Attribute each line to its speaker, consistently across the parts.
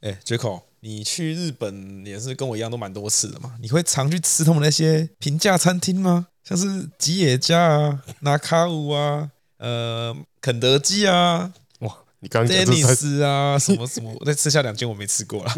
Speaker 1: 哎，傑克、欸，ico，你去日本也是跟我一樣，都蠻多次的嘛？你會常去吃他們那些平價餐廳嗎？像是吉野家啊、なか卯啊、呃肯德基啊、哇，你剛剛在吃啊什麼什麼？你我再吃下兩家我沒吃過了。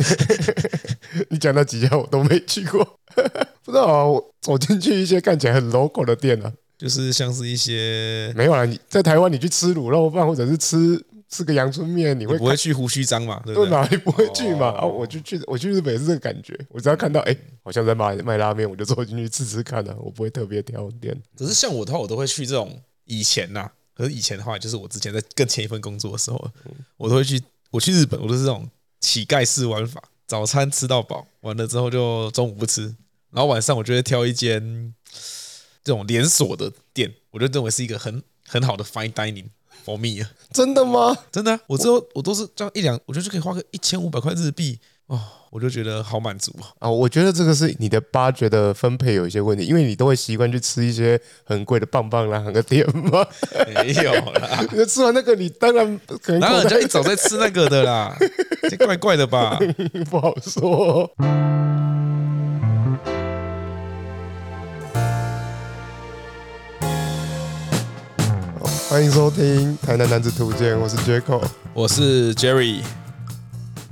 Speaker 2: 你講那幾家我都沒去過， 不知道啊。我走進去一些看起來很 local 的店啊，就是像是一些沒有啊。你在台灣，你去吃滷肉飯或者是吃，吃個陽春麵，你會你不會去鬍鬚張嘛？對哪你不會去嘛？然後、哦啊、我去去，我去日本也是這個感覺。我只要看到哎、欸，好像在賣賣拉麵，我就坐進去吃吃看了、啊、我不會特別挑店。
Speaker 1: 可是像我的話，我都會去這種以前吶、啊。可是以前的話，就是我之前在更前一份工作的時候，嗯、
Speaker 2: 我都會去。我去日本，我都是這種
Speaker 1: 乞丐式玩法，早餐吃到飽，完了之後就中午不吃，然後晚上我就會挑一間這種連鎖的店，我就認為是一個很很好的 fine dining。保密啊！For 真的嗎？ 真的、啊，我之後我都是這樣一兩，我覺得，就可以花個一千五百塊日幣啊、哦，我就覺得好滿足、喔、
Speaker 2: 啊！我覺得這個是你的預算的分配有一些問題，因為你都會習慣去吃一些很貴的棒棒糖，的店嘛？沒有啦， 吃完那個你當然可哪有，然後人家一早在吃那個的啦，這 怪怪的吧？不好說、哦。歡迎收聽《台南男子圖鑑》，我是杰克，我是 Jerry。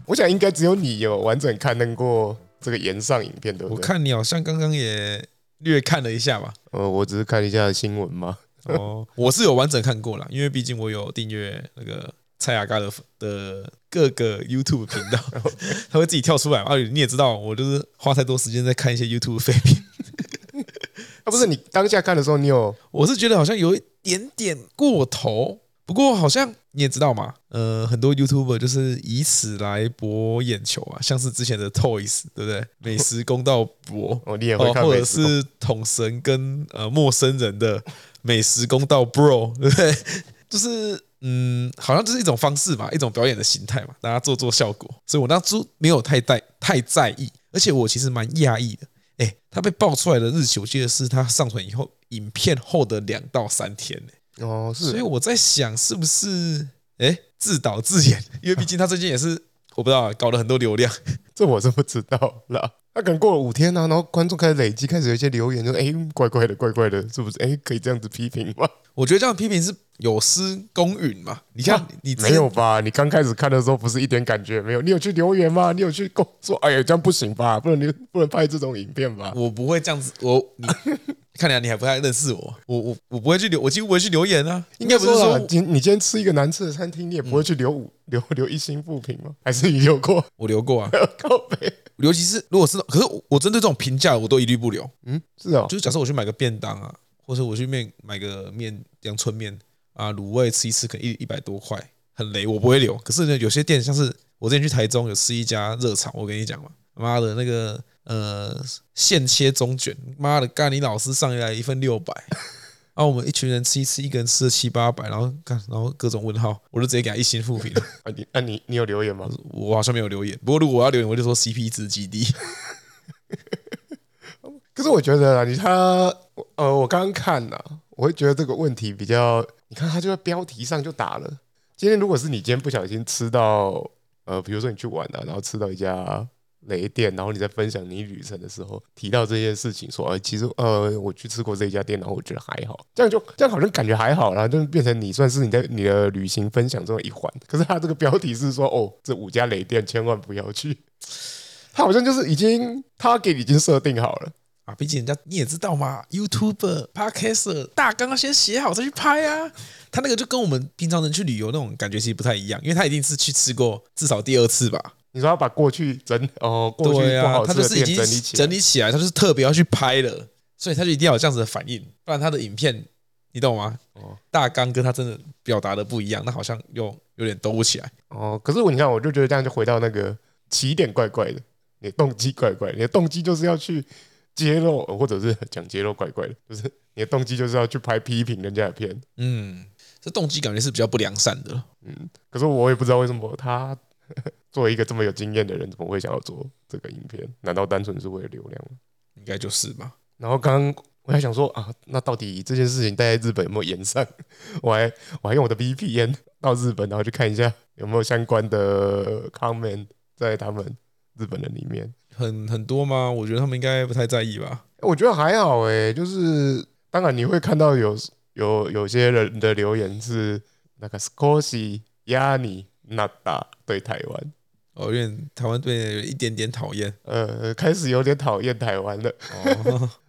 Speaker 2: 我想應該只有你有完整看見過這個炎上影片，對不對？我看你好像剛剛也
Speaker 1: 略看了一下吧。
Speaker 2: 呃，我只是看一下新聞嘛。 哦，
Speaker 1: 我是有完整看過了，因為畢竟我有訂閱那個蔡阿嘎的的各個 YouTube 頻道，他 Okay. 會自己跳出來。啊，你也知道，我就是花太多時間在看一些 YouTube 廢片。
Speaker 2: 啊，不是你當下看的時候，你有？
Speaker 1: 我是覺得好像有。點點過頭，不過好像你也知道嘛，呃，很多 YouTuber 就是以此來博眼球啊，像是之前的 Toys，對不對？美食公道博，哦，你也會看美食、哦、或者是統神跟呃陌生人的美食公道 Bro， 對不對？就是嗯，好像就是一種方式嘛，一種表演的形態嘛，大家做做效果，所以我當初沒有太在太在意，而且我其實蠻訝異的。他被爆出來的日期，我記得是他上傳以後影片後的兩到三天、欸、哦，是。所以我在想，是不是哎、欸、自導自演？因為畢竟他最近也是、啊、我不知道
Speaker 2: 搞了很多流量，這我真不知道啦，他、啊、可能過了五天呢、啊，然後觀眾開始累積，開始有一些留言，就哎怪怪的，怪怪的，是不是？哎、欸，可以這樣子批評嗎？我覺得這樣的批評是。有失公允嘛？你看、啊、你之沒有吧？你剛開始看的時候不是一點感覺沒有？你有去留言嗎？你有去工說？哎呀，這樣不行吧？不能留，不能拍這種影片吧？我不會這樣子。
Speaker 1: 我你 看來你還不太認識我，我？我我我不會去留，我幾乎不會去留言啊。應該不是說
Speaker 2: 今、啊、你今天吃一個難吃的餐廳，你也不會去留五留留一星負評嗎？還是你留過？
Speaker 1: 我留過啊。靠尤其是如果是，可是我針對這種評價，我都一律不留。嗯，是的、哦，就是假設我去買個便當啊，或者我去面買個面，陽春麵。啊，滷味吃一次可能一一百多塊，很雷，我不會留。可是呢，有些店像是我之前去台中有吃一家熱炒，我跟你講嘛，媽的，那個呃現切中卷，媽的，幹你老師上一來一份六百，然後我們一群人吃一次，一個人吃了七八百，然後幹，然後各種問號，我就直接給他一星負評。 啊，你，啊，你，你有留言嗎？我好像沒有留
Speaker 2: 言。不過如果我要留言，我就說 CP 值極低。 可是我覺得啊，你他，呃，我剛剛看了、啊，我會覺得這個問題比較。你看他就在標題上就打了。今天如果是你，今天不小心吃到呃，比如說你去玩了啊，然後吃到一家雷店，然後你在分享你旅程的時候提到這件事情，說啊，其實呃，我去吃過這一家店，然後我覺得還好。這樣就這樣好像感覺還好啦，就變成你算是你在你的旅行分享中的一環。可是他這個標題是說，哦，這五家雷店千萬不要去。他好像就是已經他給你已經設定好了。啊，畢竟人
Speaker 1: 家你也知道嘛，YouTuber、Podcaster 大綱先寫好再去拍啊。他那個就跟我們平常人去旅遊那種感覺其實不太一樣，因為他一定是去吃過至少第二次吧。你說要把過去整哦，過去不好的、對啊、他就是已經整理起來，整理起來他就是特別要去拍了，所以他就一定要有這樣子的反應，不然他的影片你懂嗎？哦，大綱跟他真的
Speaker 2: 表達的不一樣，那好像又有點兜不起來哦。可是我你看，我就覺得這樣就回到那個起點，怪怪的。你的動機怪怪，你的動機就是要去。揭露，或者是講揭露，怪怪的，就是你的動機就是要去拍批評人家的片。嗯，這動機感覺是比較不良善的。嗯，可是我也不知道為什麼他作為一個這麼有經驗的人，怎麼會想要做這個影片？難道單純是為了流量？應該就是吧。然後剛剛我還想說啊，那到底這件事情帶在日本有沒有延燒？我還我還用我的 VPN 到日本，然後去看一下有沒有相關的 comment 在他們日本人裡面。
Speaker 1: 很很多嗎？我覺得他們應該不太在意吧。
Speaker 2: 我覺得還好哎、欸，就是當然你會看到有有有些人的留言是那個少し嫌になった對台灣哦，因為台灣對一有一點點討厭，呃，開始有點討厭台灣了。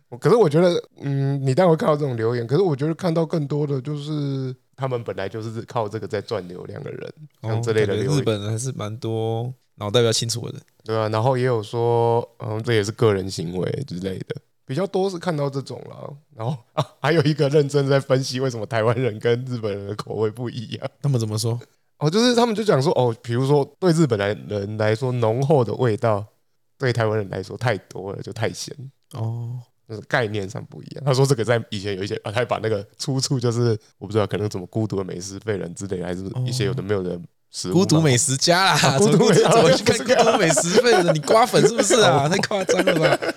Speaker 2: 哦， 可是我覺得，嗯，你當然會看到這種留言，可是我覺得看到更多的就是他們本來就是靠這個在賺流量的人，哦，像這類的留言日本還是蠻多。腦袋比較清楚的人，對啊。然後也有說，嗯，這也是個人行為之類的，比較多是看到這種了。然後、啊、還有一個認真在分析為什麼台灣人跟日本人的口味不一樣。他們怎麼說？哦，就是他們就講說，哦，比如說對日本人來人來說濃厚的味道，對台灣人來說太多了就太鹹。哦，oh. 就是概念上不一樣。他說這個在以前有一些啊，他還把那個出處就是我不知道可能怎麼孤獨的美食廢人之類，還是一些有的沒有的。Oh. 孤獨美食家啦，啊、孤走一我去看孤獨美食妹子，啊、你刮粉是不是啊？好太誇張了吧？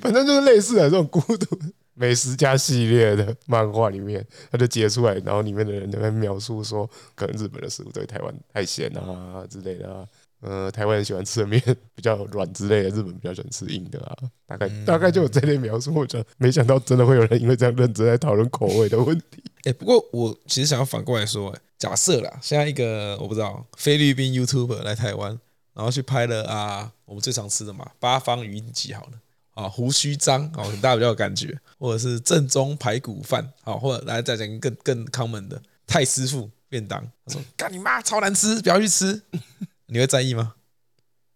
Speaker 2: 反正就是類似的、啊、這種孤獨美食家系列的漫畫裡面，他就截出來，然後裡面的人就在描述說，可能日本的食物對台灣太鹹啊，啊之類的、啊，嗯、呃，台灣人喜歡吃的麵比較軟之類的，日本比較喜歡吃硬的啊，大概、嗯、大概就有這類描述。我覺得沒想到真的會有人因為這樣認真來討論口味的問題。哎、欸，不過我其實想要反過來
Speaker 1: 說、欸，哎。假設啦，現在一個我不知道菲律賓 YouTuber 來台灣，然後去拍了啊，我們最常吃的嘛，八方魚集。好了，啊，胡鬚章哦，啊、很大家比較有感覺， 或者是正宗排骨飯，好、啊，或者來再講更更 common 的太師傅便當，他說：“幹你媽，超難吃，不要去吃。”你會在意嗎？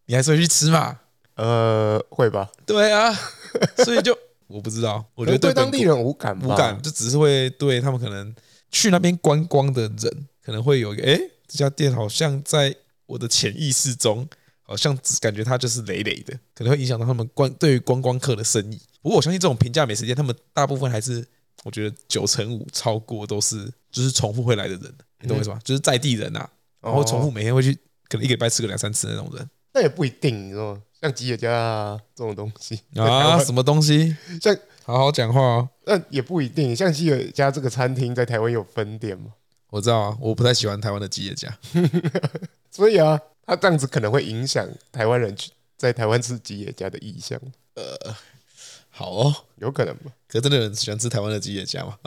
Speaker 1: 你還說去吃嘛？呃，會吧。對啊，所以就 我不知道，我覺得對，對當地人無感，無感，就只是會對他們可能。去那邊觀光的人，可能會有一個誒、欸、這家店好像在我的潛意識中，好像只感覺它就是雷雷的，可能會影響到他們光對於觀光客的生意。不過我相信這種平價美食店，他們大部分還是我覺得九成五超過都是就是重複會來的人，嗯、你懂我意思吧？就是在地人啊，哦、然後重複每天會去，可能一個禮拜吃個兩三次那種人。那
Speaker 2: 也不一定，你說像吉野家這種東西啊，什麼東西？像好好講話哦但也不一定，像吉野家這個餐廳在台灣有分店嘛？我知道啊，我不太喜歡台灣的吉野家， 所以啊，他這樣子可能會影響台灣人去在台灣吃吉野家的意向。呃，好哦，有可能吧？可是真的有人喜歡吃台灣的吉野家嗎？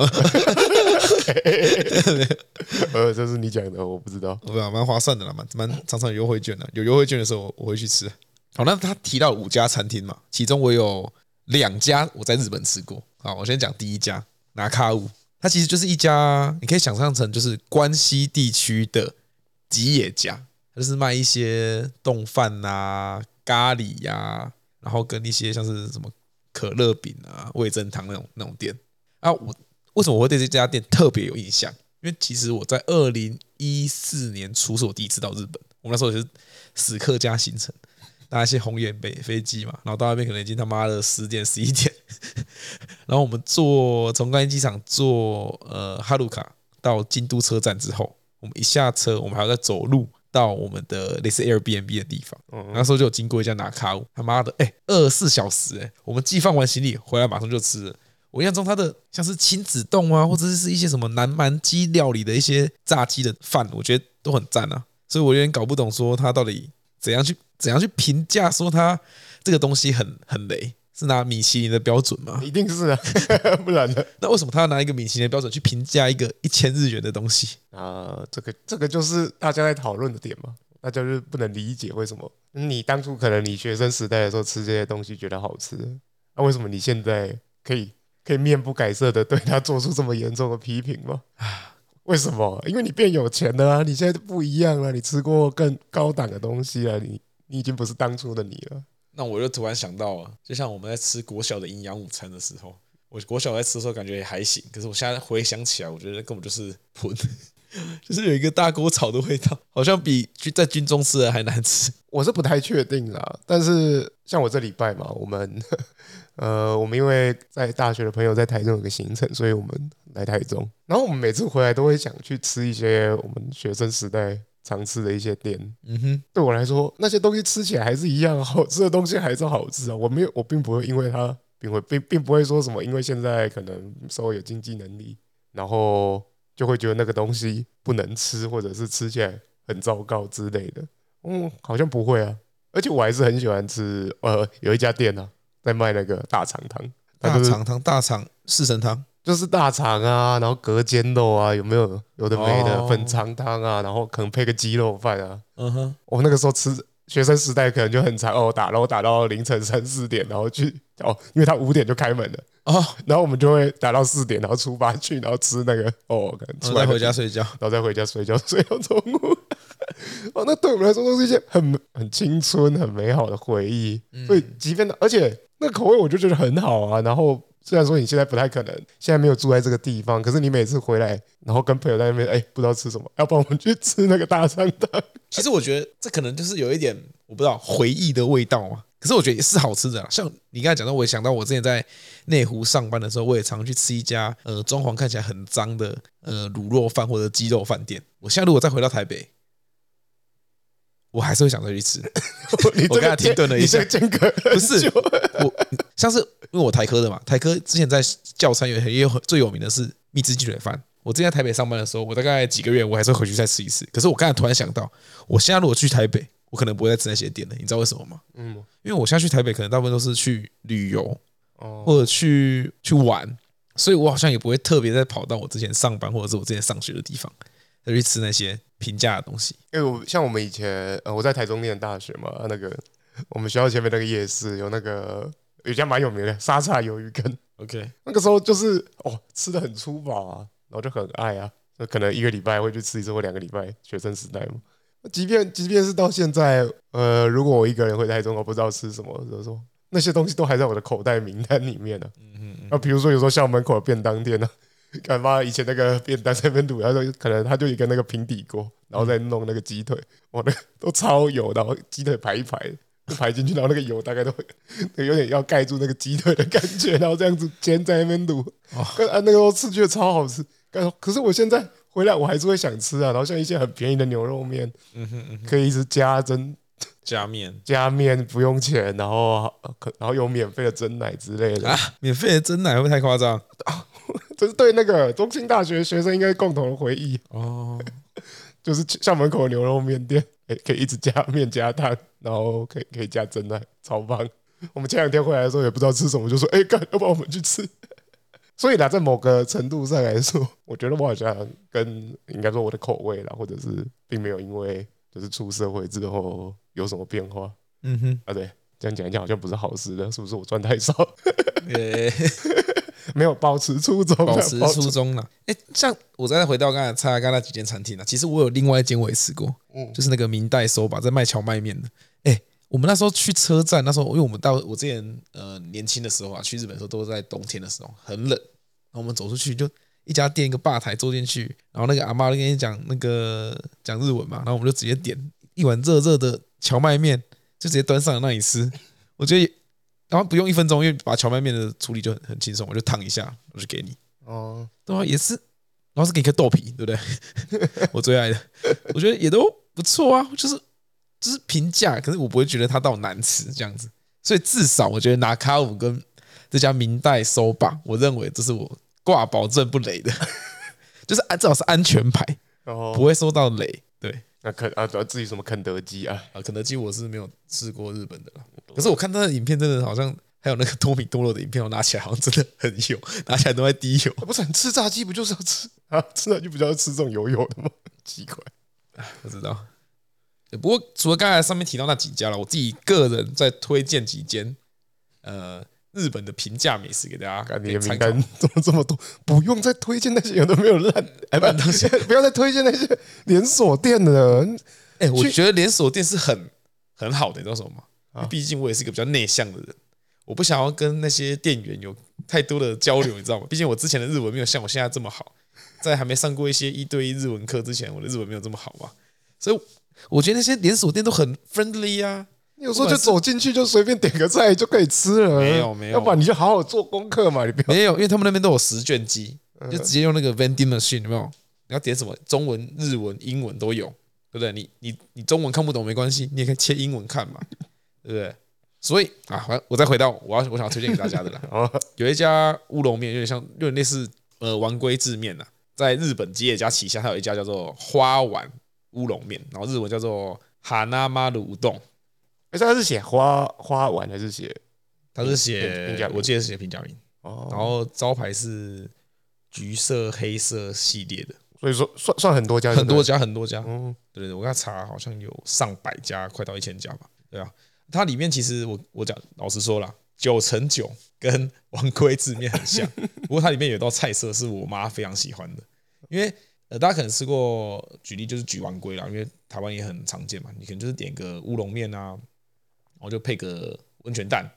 Speaker 1: 呃，這是你講的，我不知道。對啊，蠻划算的啦，蠻蠻常常有優惠券的，有優惠券的時候我我會去吃。嗯、好，那他提到五家餐廳嘛，其中我有。兩家我在日本吃過啊，我先講第一家，納卡屋，它其實就是一家，你可以想象成就是關西地區的吉野家，就是賣一些丼飯啊、咖喱呀、啊，然後跟一些像是什麼可樂餅啊、味噌湯那種那種店啊。我為什麼我會對這家店特別有印象？因為其實我在二零一四年初是我第一次到日本，我那時候也是死磕加行程。搭一些紅眼北飛機嘛，然後到那邊可能已經他媽的十點十一點。然後我們坐從關西機場坐呃哈魯卡到京都車站之後，我們一下車，我們還要再走路到我們的類似 Airbnb 的地方，uh。Huh. 那時候就有經過一家拿卡屋，他媽的，哎、欸，二十四小時哎、欸，我們寄放完行李回來馬上就吃。我印象中他的像是親子丼啊，或者是一些什麼南蠻雞料理的一些炸雞的飯，我覺得都很讚啊。所以，我有點搞不懂說他到底。怎樣去怎樣去評價說它這個東西很很雷，是拿米其林的標準嗎？一定是
Speaker 2: 啊， 不然的。 那為什麼他要拿一個米其林的標準去評價一個一千日元的東西啊？這個這個就是大家在討論的點嘛，大家就是不能理解為什麼你當初可能你學生時代的時候吃這些東西覺得好吃，那、啊、為什麼你現在可以可以面不改色的對他做出這麼嚴重的批評嗎？為什麼？因為你變有錢了啊！你現在不一樣了，你吃過更高檔的東西了，你你已經不是當初的你了。
Speaker 1: 那我就突然想到，就像我們在吃國小的營養午餐的時候，我國小我在吃的時候感覺也還行，可是我現在回想起來，我覺得根本就是混，
Speaker 2: 就是有一個大鍋炒的味道，好像比在軍中吃的還難吃。我是不太確定啦，但是像我這禮拜嘛，我們。 呃，我們因為在大學的朋友在台中有個行程，所以我們來台中。然後我們每次回來都會想去吃一些我們學生時代常吃的一些店。嗯哼，對我來說，那些東西吃起來還是一樣好吃的東西還是好吃啊。我沒有，我並不會因為它，並會並並不會說什麼，因為現在可能稍微有經濟能力，然後就會覺得那個東西不能吃，或者是吃起來很糟糕之類的。嗯，好像不會啊。而且我還是很喜歡吃，呃，有一家店呢、啊。在賣那個大腸湯，大腸腸湯、大腸四神湯，就是大腸啊，然後隔間肉啊，有沒有有的沒的、哦、粉腸湯啊，然後可能配個雞肉飯啊。嗯哼，我們、哦、那個時候吃學生時代可能就很常哦打，然後打到凌晨三四點，然後去哦，因為他五點就開門了哦，然後我們就會打到四點，然後出發去，然後吃那個哦，可能出來、哦、再回家睡覺，然後再回家睡覺，睡到中午。 哦，那對我們來說都是一些很很青春、很美好的回憶。嗯、所以，即便而且。這口味我就覺得很好啊，然後雖然說你現在不太可能，現在沒有住在這個地方，可是你每次回來，然後跟朋友在那邊，哎，不知道吃什麼，要不然我們去吃那個大餐吧？
Speaker 1: 其實我覺得這可能就是有一點，我不知道回憶的味道啊。可是我覺得也是好吃的啦，像你剛才講到，我也想到我之前在內湖上班的時候，我也常去吃一家呃裝潢看起來很髒的呃滷肉飯或者雞肉飯店。我現在如果再回到台北。我還是會想再去吃。 個 我剛才停頓了一下，間隔不是我，像是因為我台科的嘛，台科之前在教餐，有很有最有名的是蜜汁雞腿飯。我之前在台北上班的時候，我大概幾個月，我還是會回去再吃一次。可是我剛才突然想到，我現在如果去台北，我可能不會再吃那些店了。你知道為什麼嗎？嗯，因為我現在去台北，可能大部分都是去旅遊，或者去去玩，所以我好像也不會特別再跑到我之前上班或者是我之前上學的地方。就去吃那些平價的東西，
Speaker 2: 因為我像我們以前，呃，我在台中念大學嘛，那個我們學校前面那個夜市有那個有一家蠻有名的沙茶魷魚羹，OK，那個時候就是哦吃的很粗飽啊，然後就很愛啊，可能一個禮拜會去吃一次或兩個禮拜，學生時代嘛。即便即便是到現在，呃，如果我一個人回台中，我不知道吃什麼的時候，就是說那些東西都還在我的口袋名單裡面呢、啊。嗯哼嗯那、啊、比如說有時候校門口的便當店呢、啊。看嘛，把以前那個便當在那邊煮，他說可能他就一個那個平底鍋，然後再弄那個雞腿，哇，那都超油，然後雞腿排一排就排進去，然後那個油大概都會有點要蓋住那個雞腿的感覺，然後這樣子煎在那邊煮，哦、啊，那個時候吃覺得超好吃。但可是我現在回來我還是會想吃啊，然後像一些很便宜的牛肉麵，嗯哼，嗯
Speaker 1: 哼，可
Speaker 2: 以一直加珍加麵麵加麵不用錢，然後可然後有免費的珍奶之類的、啊、免費的珍奶會不會太誇張？是對那個中興大學學生應該共同的回憶哦，oh. 就是校門口的牛肉麵店可，可以一直加面加湯，然後可以可以加蒸的。超棒。 我們前兩天回來的時候也不知道吃什麼，就說哎，幹、欸、要不我們去吃。 所以呢，在某個程度上來說，我覺得我好像跟應該說我的口味啦，或者是並沒有因為就是出社會之後有什麼變化。嗯哼、mm，hmm. 啊對，這樣講一講好像不是好事的，是不是我賺太少？ yeah. 沒有保持初衷，保持初衷了，
Speaker 1: 啊啊欸。像我再回到剛才，剛才那幾間餐廳，啊、其實我有另外一間我也吃過，嗯，就是那個名代收把在賣蕎麥麵的，欸。我們那時候去車站，那時候因為我們到我之前呃年輕的時候啊，去日本的時候都是在冬天的時候，很冷。然後我們走出去就一家店一個吧台坐進去，然後那個阿媽就跟你講那個講日文嘛，然後我們就直接點一碗熱熱的蕎麥麵，就直接端上了那裡吃。我覺得。然後、啊、不用一分鐘，因為把蕎麥麵，麵的處理就很很輕鬆，我就燙一下，我就給你。哦，oh. 對啊，也是，然後是給個豆皮，對不對？ 我最愛的，我覺得也都不錯啊，就是就是平價，可是我不會覺得它到難吃這樣子，所以至少我覺得拿卡五跟這家名代收吧，我認為這是我掛保證不雷的，
Speaker 2: 就是安，至少是安全牌，oh. 不會收到雷。那肯啊，主要至於什麼肯德基啊，啊，肯德基我是沒有吃過日本的，嗯、可是我
Speaker 1: 看他的影片，真的好像還有那個多米多羅的影片，我拿起來好像真的很油，拿起來都在滴油。不是你吃炸雞不就是要吃啊？吃炸雞不就要吃這種油油的嗎？很奇怪，不、啊、知道。 不過除了剛才上面提到那幾家了，我自己個人再推薦幾間，呃。日本的平價美食給大家看，感覺
Speaker 2: 應該怎麼這麼多？不用再推薦那些有的沒有爛 哎，不， 不要再推薦那些連鎖店了。哎、欸，去 我覺
Speaker 1: 得連鎖店是很很好的，你知道什麼嗎？畢、啊、竟我也是一個比較內向的人，我不想要跟那些店員有太多的交流， 你知道嗎？畢竟我之前的日文沒有像我現在這麼好，在還沒上過一些一對一日文課之前，
Speaker 2: 我的日文沒有這麼好嘛。所以我覺得那些連鎖店都很 friendly 呀、啊。有時候就走進去就隨便點個菜，就可以吃了，沒有沒有，沒有，要不然你就好好做功課嘛，你不要沒
Speaker 1: 有，因為他們那邊都有食券機，就直接用那個 vending machine，有沒有？你要點什麼中文、日文、英文都有，對不對？你你你中文看不懂沒關係，你也可以切英文看嘛， 對不對？所以啊，我再回到我要我想要推薦給大家的啦， 了有一家烏龍麵有點像，有點類似呃丸龜製麵吶、啊，在日本吉野家旗下，還有一家叫做花丸烏龍麵，然後日文叫做 hana maru udon 欸、他是寫花花丸還是寫？
Speaker 2: 他是寫平假，平平假名我記得是
Speaker 1: 寫平假名哦。然後招牌是橘色、黑色系列的，
Speaker 2: 所以說算算很多，是是很多
Speaker 1: 家，很多家，很多家。嗯，對我剛查，好像有上百家，快到一千家吧？對啊，它裡面其實我我講，老實說了，九成九跟丸龜字面很像， 不過它裡面有道菜色是我媽非常喜歡的，因為呃，大家可能吃過，舉例就是舉丸龜啦，因為台灣也很常見嘛，你可能就是點個烏龍麵啊。我就配個溫泉蛋，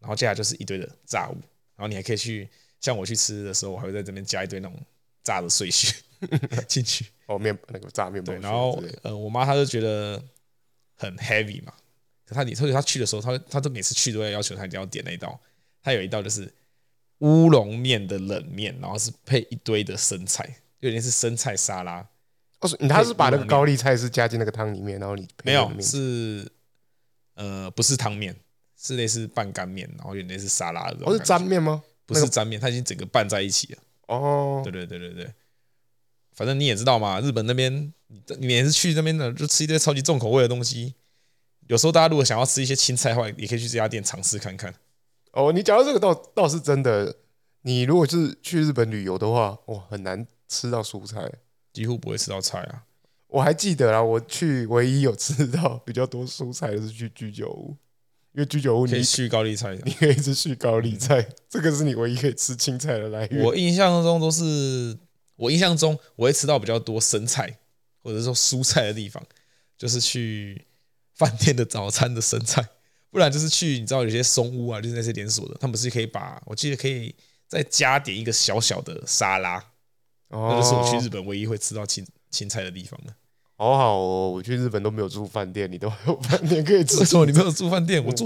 Speaker 1: 然後接下來就是一堆的炸物，然後你還可以去像我去吃的時候，我還會在這邊加一堆那種炸的碎屑進 去。 哦，面那個炸面對，然後對呃，我媽她就覺得很 heavy 嘛，可她你，特且她去的時候，她她都每次去都要要求她一定要點那一道，她有一道就是烏龍麵的冷面，然後是配一堆的生菜，就類似生菜沙拉。她、哦、是把那個高麗
Speaker 2: 菜是加進那個湯裡面，然後你沒有是。呃，
Speaker 1: 不是湯麵，是類似半乾麵，然後有類似沙拉的。哦，是沾麵嗎？不是沾麵，那個 它已經整個拌在一起了。哦，對對對對對，反正你也知道嘛，日本那邊，你你也是去那邊的，就吃一堆超級重口味的東西。有時候大家如果想要吃一些
Speaker 2: 青菜的話，也可以去這家店嘗試看看。哦，你講到這個倒倒是真的，你如果是去日本旅遊的話，哇，很難吃到蔬菜，幾乎不會吃到菜啊。我還記得啦，我去唯一有吃到比較多蔬菜的是去居酒屋，因為居酒屋你可以吃高麗菜、菜，你可以是吃高麗菜，這個是你唯一可以吃青菜的來源。我印
Speaker 1: 象中都是，我印象中我會吃到比較多生菜或者說蔬菜的地方，就是去飯店的早餐的生菜，不然就是去你知道有些松屋啊，就是那些連鎖的，他們是可以把我記得可以再加點一個小小的沙拉，哦，那就是我去日本唯一會吃到青
Speaker 2: 青菜的地方了。好好、哦，我去日本都沒有住飯店，你都還有飯店可以吃。你沒有住飯店，我，我住，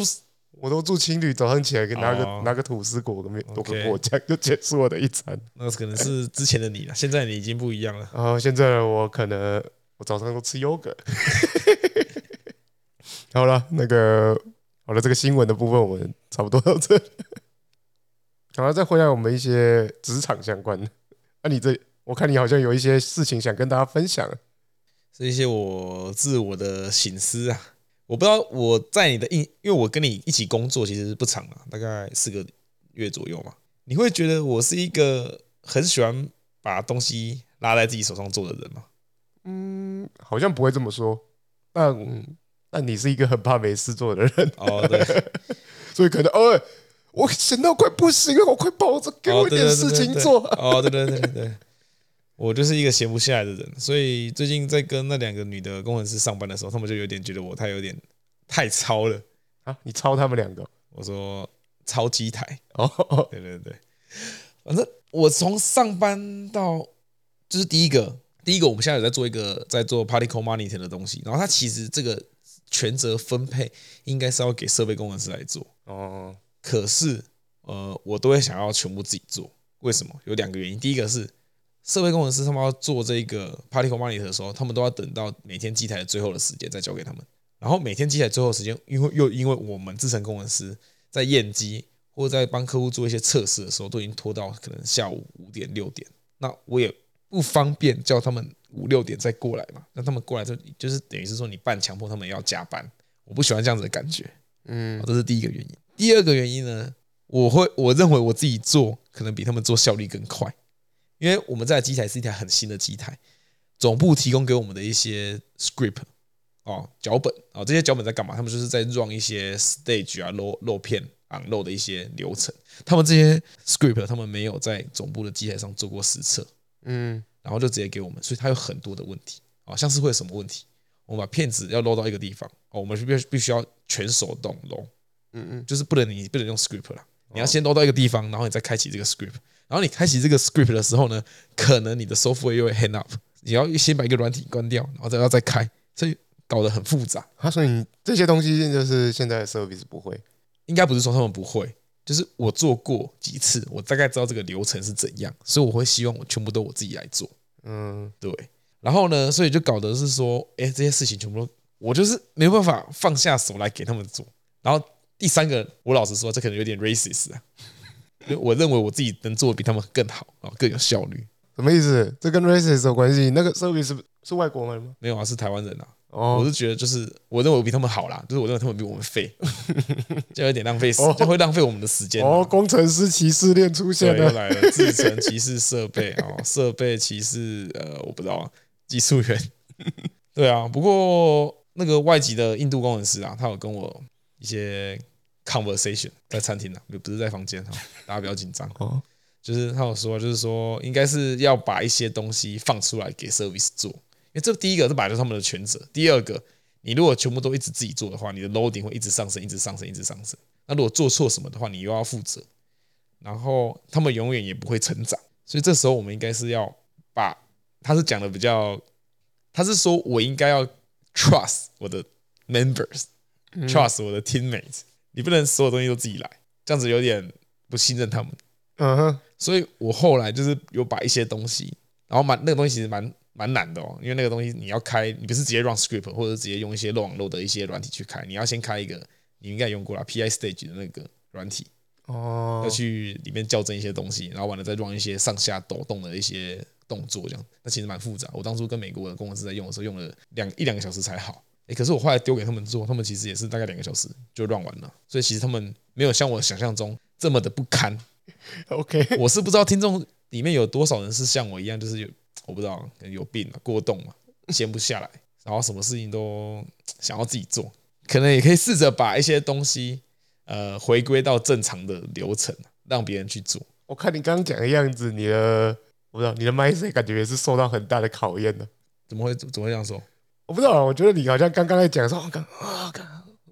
Speaker 2: 我都住青旅。早上起來給拿個、oh. 拿個吐司果，都沒有，多個果醬，Okay. 就結束我的一餐。那可能是
Speaker 1: 之前的你了， 現在你已經不一樣了。
Speaker 2: 後、哦、現在我可能我早上都吃 yogurt。 好了，那個好了，這個新聞的部分我們差不多到這裡。好了，再回來我們一些職場相關的。那、啊、你這我看你好像有一些事情想跟大家分享。這些我自我的省思啊，我不知道我在你的印，
Speaker 1: 因為我跟你一起工作其實是不長啊，大概四個月左右嘛。你會覺得我
Speaker 2: 是一個很喜歡把東西拿在自己手上做的人嗎？嗯，好像不會這麼說。但、嗯、但你是一個很怕沒事做的人哦，對， 所以可能哦、欸、我閒到快不行了，我快抱着給我一點事情做。哦，對對對對。
Speaker 1: 我就是一個閒不下來的人，所以最近在跟那兩個女的工程師上班的時候，他們就有點覺得我太有點太操了啊！你操他們兩個？我說操機台
Speaker 2: 哦呵，對對對，
Speaker 1: 對，反正我從上班到就是第一個，第一個我們現在有在做一個在做 particle monitoring 的東西，然後他其實這個權責分配應該是要給設備工程師來做哦，可是呃，我都會想要全部自己做，為什麼？有兩個原因，第一個是。設備工程師他們要做這個 particle monitor 的時候，他們都要等到每天機台的最後的時間再交給他們。然後每天機台最後的時間，因為又因為我們製程工程師在驗機或者在幫客戶做一些測試的時候，都已經拖到可能下午五點六點。那我也不方便叫他們五六點再過來嘛。那他們過來就就是等於是說你半強迫他們要加班，我不喜歡這樣子的感覺。嗯，這是第一個原因。第二個原因呢，我會我認為我自己做可能比他們做效率更快。因為我們在機台是一台很新的機台，總部提供給我們的一些 script 哦，腳本啊、哦、這些腳本在幹嘛？他們就是在 run 一些 stage 啊漏落片 o 漏 l o 的一些流程。他們這些 script 他們沒有在總部的機台上做過實測，嗯，然後就直接給我們，所以它有很多的問題啊、哦，像是會有什麼問題？我們把片子要漏 o 到一個地方，哦、我們必必須要全手動 l o 嗯嗯，就是不能你不能用 script 啦，你要先漏 o 到一個地方，哦、然後你再開啟這個 script。然後你開啟這個 script 的時候呢，可能你的 software 又會 hang up，你要先把一個軟體關掉，然後再要再開，所以搞得很複雜。他、啊、所以你這些東西就是現在的 service 不會，應該不是說他們不會，就是我做過幾次，我大概知道這個流程是怎樣，所以我會希望我全部都我自己來做。嗯，對。然後呢，所以就搞得是說，誒，這些事情全部都我就是沒辦法放下手來給他們做。然後第三個，我老實說，這可能有點 racist 啊。我認為我自己能做的比
Speaker 2: 他們更好啊，更有效率。什麼意思？這跟 racist 有關係？那個 service 是是外
Speaker 1: 國人嗎？沒有啊，是台灣人啊。我是覺得就是我認為我比他們好啦，就是我認為他們比我們廢， 就有點浪費，就會浪費我們的時間。哦，
Speaker 2: 工程師歧視鏈出現了，來了，製程歧
Speaker 1: 視設備啊，設備歧視呃，我不知道技術員。對啊，不過那個外籍的印度工程師啊，他有跟我一些。Conversation 在餐廳呢，也不是在房間哈，大家不要緊張。就是他有說，就是說應該是要把一些東西放出來給 service 做，因為這第一個是擺脫他們的權責。第二個，你如果全部都一直自己做的話，你的 loading 會一直上升，一直上升，一直上升。那如果做錯什麼的話，你又要負責。然後他們永遠也不會成長，所以這時候我們應該是要把他是講的比較，他是說我應該要 trust 我的 members、嗯、trust 我的 members，trust 我的 teammates。你不能所有東西都自己來，這樣子有點不信任他們。嗯
Speaker 2: 哼，所
Speaker 1: 以我後來就是有把一些東西，然後那個東西其實蠻蠻難的哦，因為那個東西你要開，你不是直接 run script 或者直接用一些漏網絡的一些軟體去開，你要先開一個，你應該也用過了 PI stage 的那個軟體哦，要去裡面校正一些東西，然後完了再 run 一些上下抖動的一些動作這樣，那其實蠻複雜。我當初跟美國的公司在用的時候，用了兩一兩個小時才好。誒，可是我後來丟給他們做，他們其實也是大概兩個小時就亂完了，所以其實他們沒有像我想象中這麼的不堪。
Speaker 2: OK，我是不
Speaker 1: 知道聽眾裡面有多少人是像我一樣，就是有，我不知道，可能有病了，過動了，閒不下來，然後什麼事情都想要自己做，可能也可以試着把一些東
Speaker 2: 西呃回歸到正常的流程，讓別人去做。我看你剛剛講的樣子，你的，我不知道，你的麥克風感覺也是受到很大的考驗的，怎麼會怎麼會這樣說？我不知道，我覺得你好像剛剛在講說、哦哦？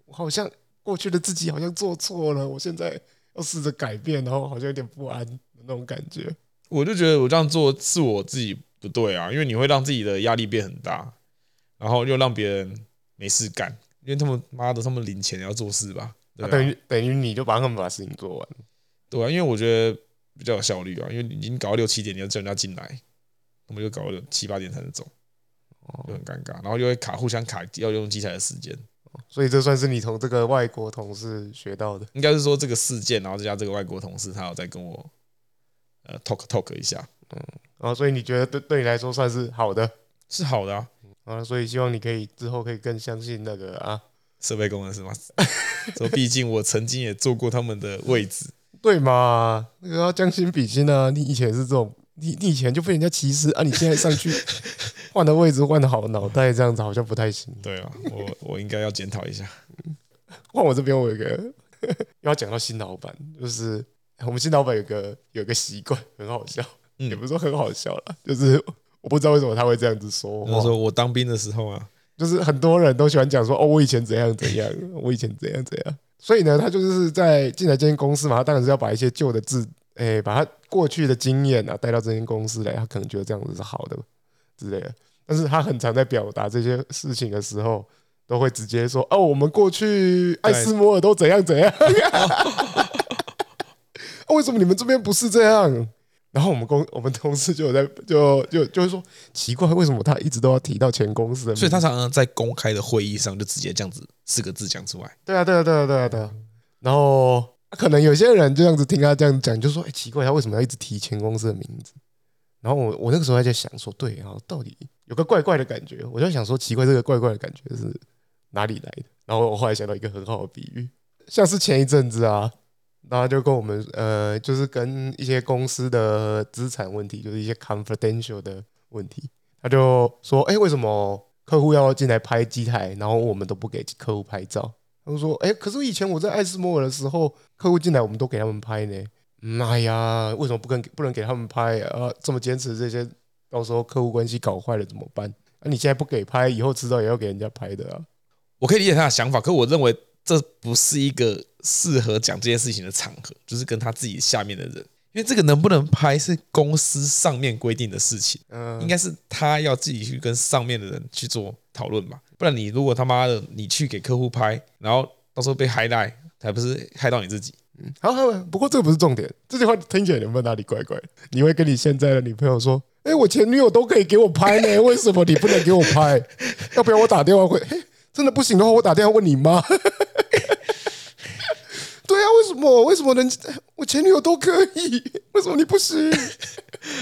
Speaker 2: 我好像過去的自己好像做錯了，我現在要試着改變，然後好像有點不安那種感覺。
Speaker 1: 我就覺得我這樣做是我自己不對啊，因為你會讓自己的壓力變很大，然後又讓別人沒事幹，因為他們媽的他們領錢也要做事吧？啊啊、等於等於你就幫他們把事情做完，對啊，因為我覺得比較有效率啊，因為你已經搞到六七點，你要叫人家進來，那麼又搞到七八點才能走。就很尷尬，然後又會卡，互相卡，要用機台的時間，所以這算是你從這個外國同事學到的，應該是說這個事件，然後再加上這個外國同事，他有在跟我呃 talk talk 一下，嗯，
Speaker 2: 啊，所以你覺得對對你來說算是好的，是好的啊、嗯，啊，所以希望你可以之後可以更相信那個啊設備工程師嘛。說 畢竟我曾經也坐過他們的位置， 對嘛？那要、個啊、將心比心啊，你以前也是這種。你你以前就被人家歧視啊！你現在上去換了位置換 了好腦袋，這樣子好像不太行。對啊，我 我應該要檢討一下。換我這邊，我有一個 要講到新老闆，就是我們新老闆有個有個習慣，很好笑，嗯、也不是說很好笑了，就是我不知道為什麼他會這樣子說。他說我當兵的時候啊，就是很多人都喜歡講說哦，我以前怎樣怎樣，我以前怎樣怎樣。所以呢，他就是在進來這間公司嘛，他當然是要把一些舊的字，欸、把他過去的經驗吶帶到這間公司來，他可能覺得這樣子是好的之類的。但是他很常在表達這些事情的時候，都會直接說：“哦，我們過去艾斯摩爾都怎樣怎樣。”為什麼你們這邊不是這樣？然後我們公我們同事就在就就就，就會說奇怪，為什麼他一直都要提到前公司的名字？的？」所以他
Speaker 1: 常常在公開的會議上就直接這樣子四個字講出來，
Speaker 2: 對、啊。對啊，對啊，對啊，對啊，對啊。然後。可能有些人就這樣子聽他這樣講，就說：“哎，奇怪，他為什麼要一直提前公司的名字？”然後我我那個時候還在想說：“對，然後到底有個怪怪的感覺。”我就想說：“奇怪，這個怪怪的感覺是哪裡來的？”然後我後來想到一個很好的比喻，像是前一陣子啊，他就跟我們呃，就是跟一些公司的資產問題，就是一些 confidential 的問題，他就說：“哎，為什麼客戶要進來拍機台，然後我們都不給客戶拍照？”他說：“哎、欸，可是我以前我在艾斯摩爾的時候，客戶進來，我們都給他們拍呢。嗯、哎呀，為什麼不跟不能給他們拍啊？啊這麼堅持這些，到時候客戶關係搞壞了怎麼辦？那、啊、你現在不給拍，以後遲早也要給人家拍的啊。
Speaker 1: 我可以理解他的想法，可我認為這不是一個適合講這件事情的場合，就是跟他自己下面的人。”因為這個能不能拍是公司上面規定的事情，嗯，應該是他要自己去跟上面的人去做討論吧，不然你如果他媽的你去給客戶拍，然後到時候被
Speaker 2: highlight 還不是害到你自己？嗯，好，好。不過這個不是重點，這句話聽起來有沒有哪裡怪怪？你會跟你現在的女朋友說，誒，我前女友都可以給我拍呢、欸，為什麼你不能給我拍？要不要我打電話回，欸？真的不行的話，我打電話問你媽。 對啊，為什麼為什麼能？我前女友都可以，為什麼你不行？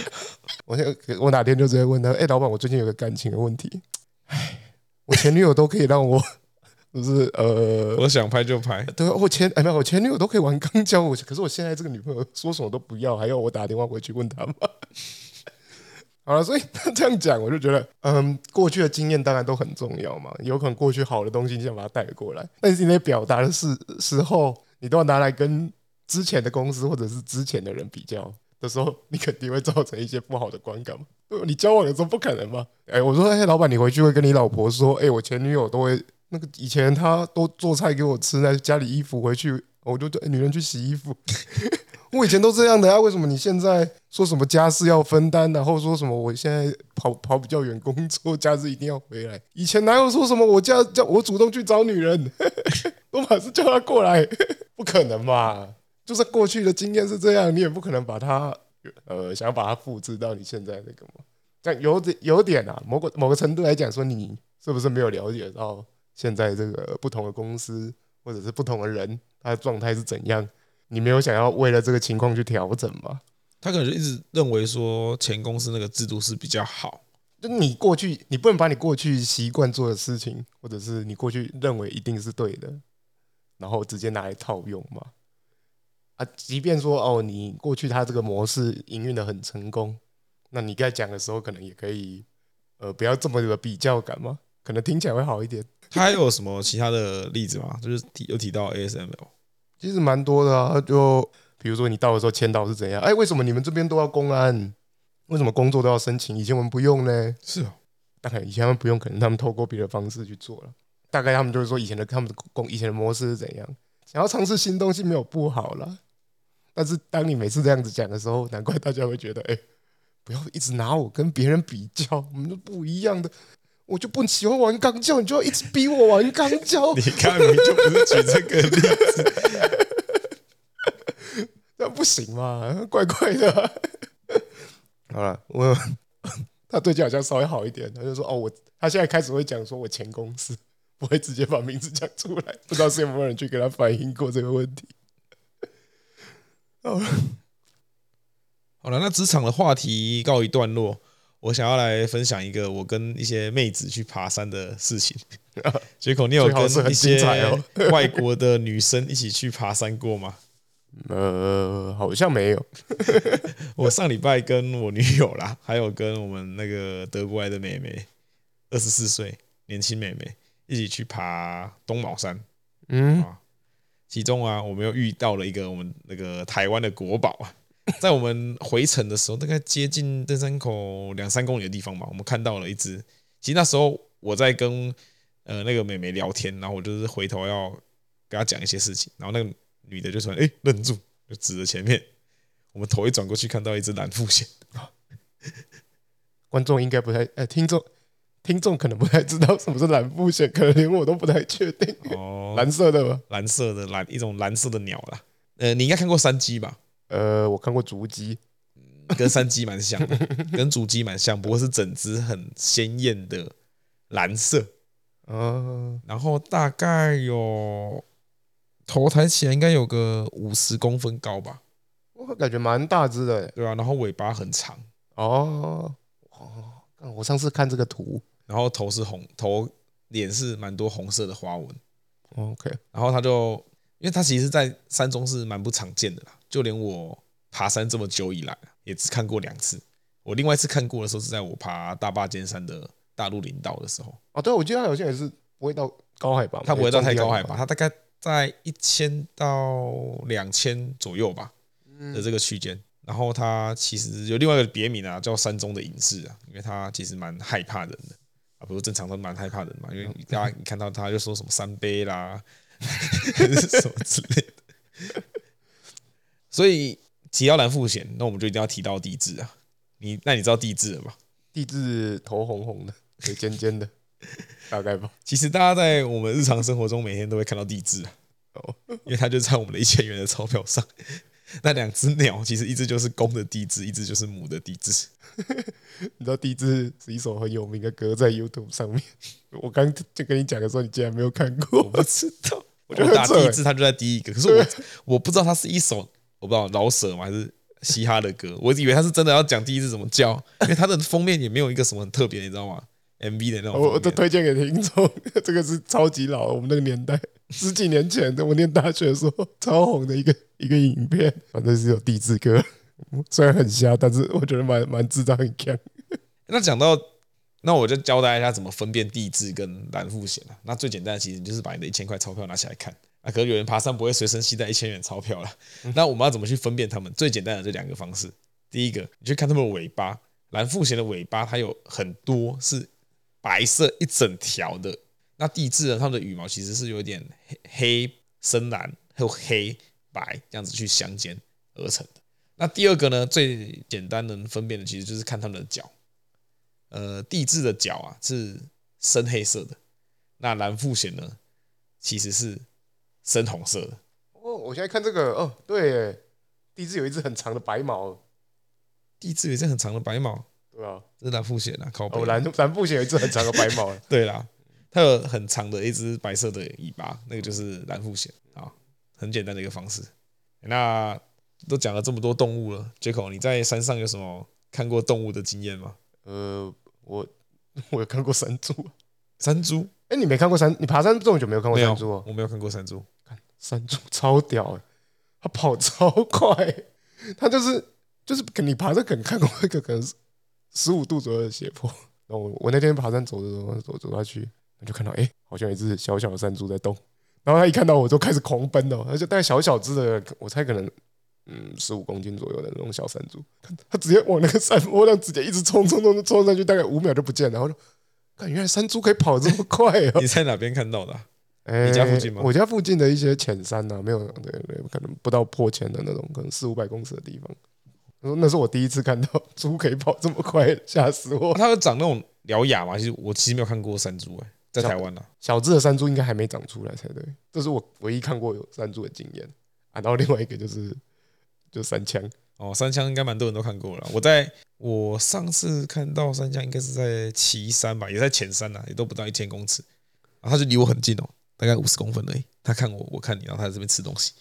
Speaker 2: 我現我哪天就直接問他：“哎、欸，老闆，我最近有個感情的問題。哎，我前女友都可以讓我，就 是呃，我
Speaker 1: 想拍就拍。
Speaker 2: 對，我前哎沒有，我前女友都可以玩剛教我，可是我現在這個女朋友說什麼都不要，還要我打電話回去問她嗎？ 好了，所以他這樣講，我就覺得，嗯，過去的經驗當然都很重要嘛，有可能過去好的東西你想把它帶過來，但是你在表達的時時候，你都要拿來跟。之前的公司或者是之前的人比較的時候，你肯定會造成一些不好的觀感嘛。你交往的時候不可能嗎？哎、欸，我說，哎、欸，老闆，你回去會跟你老婆說，哎、欸，我前女友都會那個以前她都做菜給我吃，在家裡衣服回去我就、欸、叫女人去洗衣服， 我以前都這樣的啊？為什麼你現在說什麼家事要分擔，然後說什麼我現在跑跑比較遠工作，家事一定要回來？以前哪有說什麼我家叫我主動去找女人， 我馬上叫她過來？不可能吧？就是過去的經驗是這樣，你也不可能把它，呃，想要把它複製到你現在那個嘛，這樣有點有點啊，某個某個程度來講，說你是不是沒有了解到現在這個不同的公司或者是不同的人，他的狀態是怎樣？你沒有想要為了這個情況去調整嗎？
Speaker 1: 他可能就一
Speaker 2: 直認為說前公司那個制度是比較好，就你過去你不能把你過去習慣做的事情，或者是你過去認為一定是對的，然後直接拿來套用嘛。即便說哦，你過去他這個模式營運得很成功，那你該講的時候，可能也可以，呃，不要這麼有比較感嗎？可能聽起來會好一點。他還有什麼其他的例子嗎？就是提有提到 ASML，其實蠻多的啊。就比如說你到的時候簽到是怎樣？哎、欸，為什麼你們這邊都要公安？為什麼工作都要申請？以前我們不用呢？是哦，大概以前他們不用，可能他們透過別的方式去做了。大概他們就是說以前的他們的工，以前的模式是怎樣？想要嘗試新東西，沒有不好啦。但是當你每次這樣子講的時候，難怪大家會覺得，哎，不要一直拿我跟別人比較，我們都不一樣的，我就不喜歡玩肛交，你就要一直逼我玩肛交。 你看，你就不是舉這個例子，那 不行嘛，怪怪的啊。好了，我 他最近好像稍微好一點，他就說，哦，我他現在開始會講，說我前公司不會直接把名字講出來，不知道是有沒有人去給他反映過這個問題。Oh. 好了，
Speaker 1: 那職場的話題告一段落。我想要來分享一個我跟一些妹子去爬山的事情。杰果、 哦， 你有跟一些外國的女生一起去爬山過嗎？
Speaker 2: 呃，uh, 好像沒有。 我
Speaker 1: 上禮拜跟我女友啦，還有跟我們那個德國來的妹妹，二十四歲年輕妹妹，一起去爬東茅山。嗯。Mm. 其中啊，我們又遇到了一個我們那個台灣的國寶啊，在我們回程的時候，大概接近登山口兩三公里的地方嘛，我們看到了一隻。其實那時候我在跟呃那個美眉聊天，然後我就是回頭要跟她講一些事
Speaker 2: 情，然後那個女的就說：“哎，愣住！”就指着前面。我們頭一轉過去，看到一隻藍腹鷴。觀眾應該不太哎，聽眾。聽眾可能不太知道什麼是藍腹鷴，可能連我都不太確定。哦，藍色，藍色的，
Speaker 1: 藍色的藍一種藍色的鳥啦。呃，你應該看過山雞吧？呃，
Speaker 2: 我看過竹雞、
Speaker 1: 嗯，跟山雞蠻像，的， 跟竹雞蠻像，不過是整隻很鮮豔的藍色。嗯，然後大概有頭抬起來應該有個五十公分高吧？
Speaker 2: 我感覺蠻大隻的。對啊，然後尾巴很長。哦哦，我
Speaker 1: 上次看這個圖。然後頭是紅頭，臉是蠻多紅色的花紋。OK，然後他就，因為他其實，在山中是蠻不常見的啦，就連我爬山這麼久以來，也只看過兩次。我另外一次看過的時候，是在我爬大霸尖山的大陸林道的時
Speaker 2: 候。哦，對，我記得他好像也是不會到高海拔。他不會到太高海拔，海拔他大概在一
Speaker 1: 千到兩千左右吧、嗯、的這個區間。然後他其實有另外一個別名啊，叫山中的隱士啊，因為他其實蠻害怕人的。不是正常都蠻害怕的嘛，因為大家一看到他就說什麼三杯啦， 還是什麼之類的。所以只要藍腹鷴，那我們就一定要提到帝雉啊。你那你知道帝雉了嗎？帝雉頭紅紅的，嘴尖尖的， 大概吧。其實大家在我們日常生活中每天都會看到帝雉哦，因為它就在我們的一千元的鈔票上。那兩隻鳥，其實一只就是公的帝雉，一只
Speaker 2: 就是母的帝雉。 你知道《帝雉》是一首很有名的歌，在 YouTube 上面。我剛就跟你講的時候，你竟然沒有看過。我知道，我就打帝雉，它
Speaker 1: 就在第一個。可是我對我不知道它是一首，我不知道老舍還是嘻哈的歌。我以為他是真的要講帝雉怎麼叫， 因為它的封面也沒有一個什麼很特別，你知道嗎？MV 的那種。我我
Speaker 2: 都推薦給聽眾，這個是超級老的，我們那個年代。十幾年前的我念大學的時候，超紅的一個一個影片，反正是有帝雉哥，雖然很瞎，但是我覺得蠻蠻智障很鏘。
Speaker 1: 那講到，那我就教大家一下怎麼分辨帝雉跟藍腹鷴了、啊。那最簡單的其實就是把你的一千塊鈔票拿起來看啊，可能有人爬山不會隨身攜帶一千元鈔票了。嗯、那我們要怎麼去分辨他們？最簡單的這兩個方式，第一個，你去看它們的尾巴，藍腹鷴的尾巴它有很多是白色一整條的。那帝雉呢，它們的羽毛其實是有點黑、黑深藍，還有黑白這樣子去相間而成的。那第二個呢，最簡單能分辨的其實就是看它們的腳。呃，帝雉的腳啊是深黑色的，那藍腹鷴呢其實是深紅色的。
Speaker 2: 哦，我現在看這個，哦，對，帝雉有一隻很，很長的白毛，
Speaker 1: 帝雉有一隻很長的白毛，對啊，這是藍腹鷴啊，考藍藍腹鷴有一隻很長的白毛，對啦。它有很長的一只白色的尾巴，那個就是藍腹鷳啊，很簡單的一個方式。那都講了這麼多動物了，傑克，你在山上有
Speaker 2: 什麼看過動物的經驗嗎？呃，我我有看過山豬，山豬？哎、欸，你沒看過山？你爬山這麼久沒有看過山豬、啊？我沒有看過山豬，山豬超屌、欸，它跑超快、欸，它就是就是，你爬着梗看過一個，可能是十五度左右的斜坡。然後我我那天爬山走着走走走下去。我就看到，哎、欸，好像一隻小小的山豬在動，然後他一看到我就開始狂奔哦，而且帶小小隻的，我猜可能，嗯，十五公斤左右的那種小山豬，他直接往那個山坡上直接一直衝，衝，衝衝上去， 大概五秒就不見了。我說，看，原來山豬可以跑這麼快啊，喔！你在哪邊看到的啊？欸，你家附近嗎？我家附近的一些淺山吶，啊，沒有，對對，對，可能不到破千的那種，可能四五百公尺的地方。他說那是我第一次看到豬可以跑這麼快，嚇死我！啊，他長那種獠牙嗎？其實我其實沒有看過山豬，欸，哎。在台灣呢，小隻的山豬應該還沒長出來才對，這是我唯一看過有山豬的經驗啊。然後另外一個就是，就山羌哦，山羌應該蠻多人都看過
Speaker 1: 了。我在我上次看到山羌應該是在旗山吧，也在前山吶，也都不到一千公尺、啊，然後他就離我很近哦，大概五十公分而已。他看我，我看你，然後他在這邊吃東西、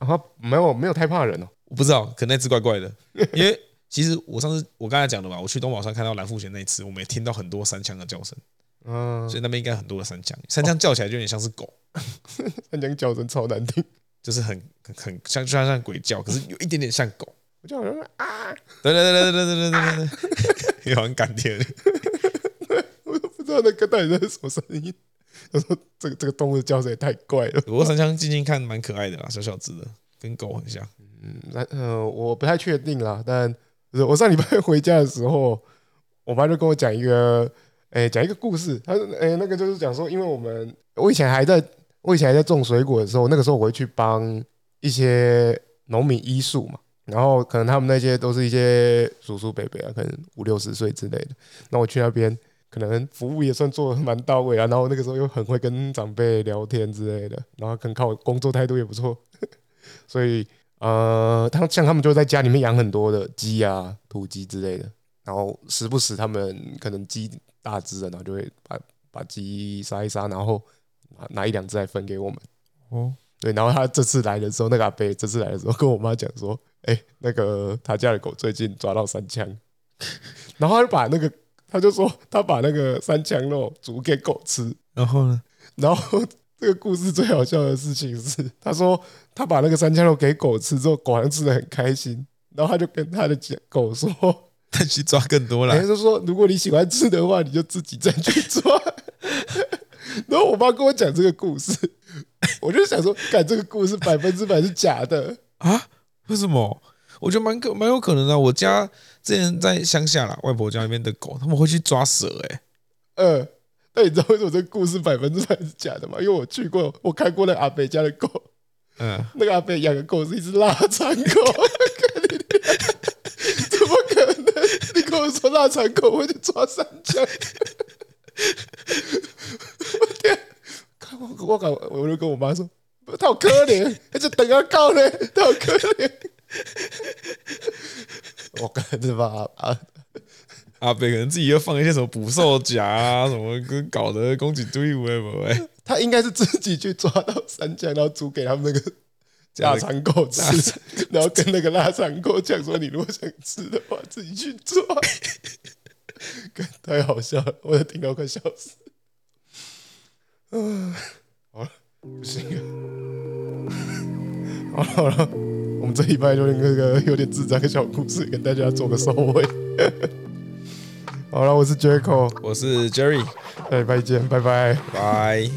Speaker 1: 哦，然後沒有沒有太怕人哦，我不知道，可能那隻怪怪的，因為其實我上次我剛才講的吧，我去東寶山看到藍腹鷴那一次，我們也聽到很多山羌的叫聲。嗯，所以那邊應該很多的山羌。山羌叫起來就有點像是狗。
Speaker 2: 哦、山羌叫聲超難聽，
Speaker 1: 就是很很，很像，就像鬼叫，可是有一點點像狗，
Speaker 2: 我就好像啊，
Speaker 1: 對對對
Speaker 2: 對對對對等，
Speaker 1: 也很感天，啊、
Speaker 2: 我都不知道那個到底是什麼聲音，這個這個動物叫聲也太怪了。我山
Speaker 1: 羌靜靜看蠻可愛的啦，小小隻的，跟狗很像
Speaker 2: 嗯。嗯，那、呃、我不太確定啦，但是我上禮拜回家的時候，我媽就跟我講一個。哎、欸，講一個故事。他說：“哎，那個就是講說，因為我們我以前還在我以前還在種水果的時候，那個時候我會去幫一些農民醫術嘛。然後可能他們那些都是一些叔叔伯伯啊，可能五六十歲之類的。那我去那邊，可能服務也算做的蠻到位啊。然後那個時候又很會跟長輩聊天之類的，然後可能靠我工作態度也不錯。呵呵，所以呃，他像他們就在家裡面養很多的雞啊，土雞之類的。然後時不時他們可能雞。”大隻的，然後就會把把雞殺一殺，然後拿一兩隻來分給我們。哦，對，然後他這次來的時候，那個阿伯這次來的時候跟我媽講說，哎、欸，那個他家的狗最近抓到山羌，然後他就把那個他就說他把那個山羌肉煮給狗吃。然後呢，然後這個故事最好笑的事情是，他說他把那個山羌肉給狗吃之後，狗好像吃的很開心。然後他就跟他的狗說。他去抓更多了。人家、欸、說，如果你喜歡吃的話，你就自己再去抓。 然後我爸跟我講這個故事，我就想說，看這個故事百分之百是假的
Speaker 1: 啊？為什麼？我覺得蠻可，蠻有可能啊。我家之前在鄉下啦，外婆家那邊的狗，他們會去抓蛇、欸，誒。
Speaker 2: 呃，那你知道為什麼這個故事百分之百是假的嗎？因為我去過，我看過了阿北家的狗，嗯、呃，那個阿北養的狗是一隻臘腸狗。 我說那殘狗會去抓山羌，我天！看我，我搞，我就跟我媽說，不， 他好可憐，他就等著告呢，他好可憐。我、啊、靠，這
Speaker 1: 把阿阿北，可能自己又放一些什麼捕獸夾啊， 什麼跟搞的攻擊隊伍，哎，
Speaker 2: 他應該是自己去抓到山羌，然後煮給他們那個。臘腸狗吃，家的 然後跟那個臘腸狗講說：“你如果想吃的話，自己去做。”太好笑了，我也聽到快笑死了。嗯，好了，不行了。好了，好了，我們這一拜就用這個有點智障的小故事，跟大家做個收尾。好了，我是傑克，我是
Speaker 1: Jerry，下禮拜見，拜拜，拜。